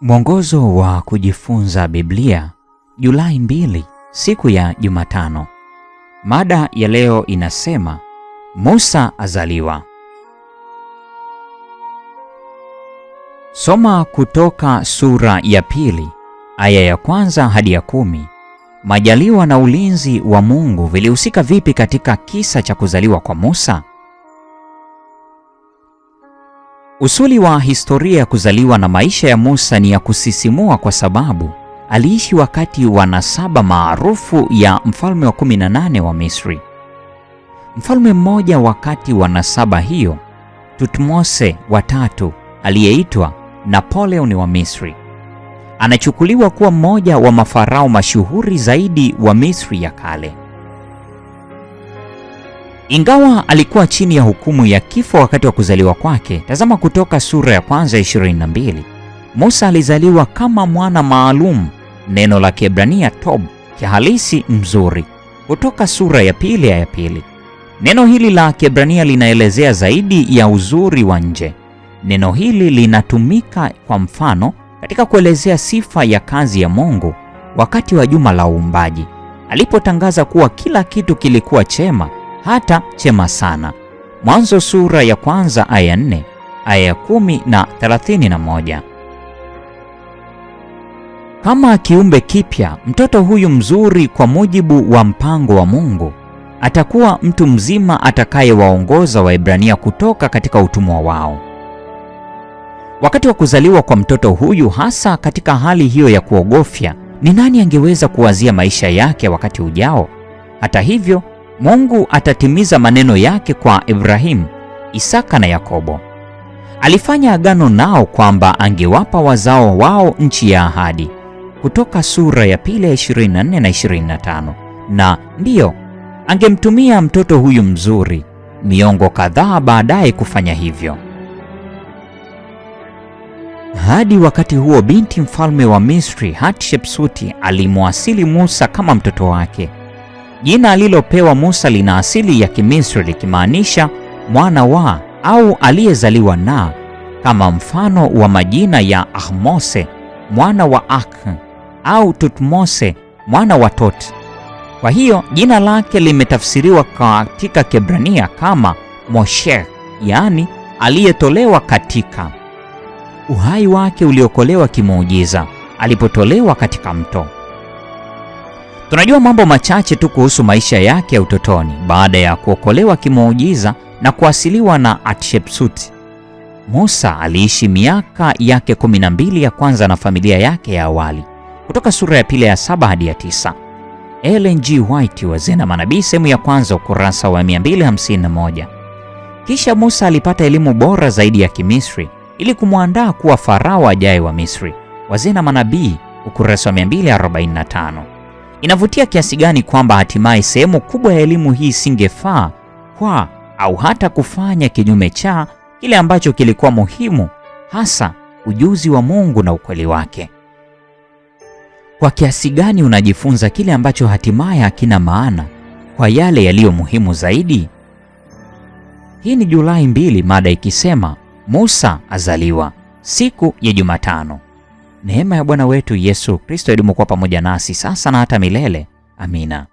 Mwongozo wa kujifunza Biblia, Julai 2, siku ya Jumatano. Mada ya leo inasema Musa azaliwa. Soma Kutoka sura ya pili aya ya kwanza hadi ya kumi. Majaliwa na ulinzi wa Mungu vilihusika vipi katika kisa cha kuzaliwa kwa Musa? Usuli wa historia ya kuzaliwa na maisha ya Musa ni ya kusisimua kwa sababu aliishi wakati wa nasaba maarufu ya mfalme wa 18 wa Misri. Mfalme mmoja wakati wa nasaba hiyo, Tutmose wa tatu, aliyeitwa Napoleon wa Misri, anachukuliwa kuwa mmoja wa mafarao mashuhuri zaidi wa Misri ya kale. Ingawa alikuwa chini ya hukumu ya kifo wakati wa kuzaliwa kwake, tazama Kutoka sura ya kwanza 22. Musa alizaliwa kama mwana maalum, neno la Kiebrania tob, kihalisi mzuri. Kutoka sura ya pili ya pili. Neno hili la Kiebrania linaelezea zaidi ya uzuri wa nje. Neno hili linatumika kwa mfano katika kuelezea sifa ya kazi ya Mungu wakati wa juma la uumbaji, alipotangaza kuwa kila kitu kilikuwa chema hata chema sana. Mwanzo sura ya kwanza aya nne aya ya kumi na thelathini na moja. Kama kiumbe kipya, mtoto huyu mzuri kwa mujibu wa mpango wa Mungu atakuwa mtu mzima atakayewaongoza Waebrania kutoka katika utumwa wao. Wakati wa kuzaliwa kwa mtoto huyu, hasa katika hali hiyo ya kuogofya, ni nani angeweza kuwazia maisha yake wakati ujao? Hata hivyo, Mungu atatimiza maneno yake kwa Ibrahimu, Isaka na Yakobo. Alifanya agano nao kwamba angewapa wazao wao nchi ya ahadi, kutoka sura ya pili ya 24 na 25. Na ndiyo angemtumia mtoto huyu mzuri miongo kadhaa baadaye kufanya hivyo. Hadi wakati huo binti mfalme wa Misri Hatshepsuti alimwasili Musa kama mtoto wake Jina alilopewa Musa lina asili ya Kimisri likimaanisha mwana wa au aliyezaliwa na, kama mfano wa majina ya Ahmose mwana wa Ak au Tutmose mwana wa Tot. Kwa hiyo jina lake limetafsiriwa katika Kebrania kama Moshe, yaani aliyetolewa katika. Uhai wake uliokolewa kimuujiza alipotolewa katika mto. Tunajua mambo machache tu kuhusu maisha yake ya utotoni baada ya kuokolewa kimuujiza na kuasiliwa na Hatshepsut. Musa aliishi miaka yake 12 ya kwanza na familia yake ya awali kutoka sura ya pili ya saba hadi ya tisa. Ellen G. White, Wazee na Manabii, sehemu ya kwanza, ukurasa wa 251. Kisha Musa alipata elimu bora zaidi ya Kimisri ili kumwandaa kuwa farao ajaye wa Misri. Wazee na Manabii, ukurasa wa 245. Inavutia kiasi gani kwamba hatimaye sehemu kubwa ya elimu hii isingefaa kwa au hata kufanya kinyume cha kile ambacho kilikuwa muhimu, hasa ujuzi wa Mungu na ukweli wake. Kwa kiasi gani unajifunza kile ambacho hatimaye hakina maana kwa yale yaliyo muhimu zaidi? Hii ni Julai mbili, mada ikisema Musa azaliwa, siku ya Jumatano. Neema ya Bwana wetu Yesu Kristo idumu kuwa pamoja nasi sasa na hata milele. Amina.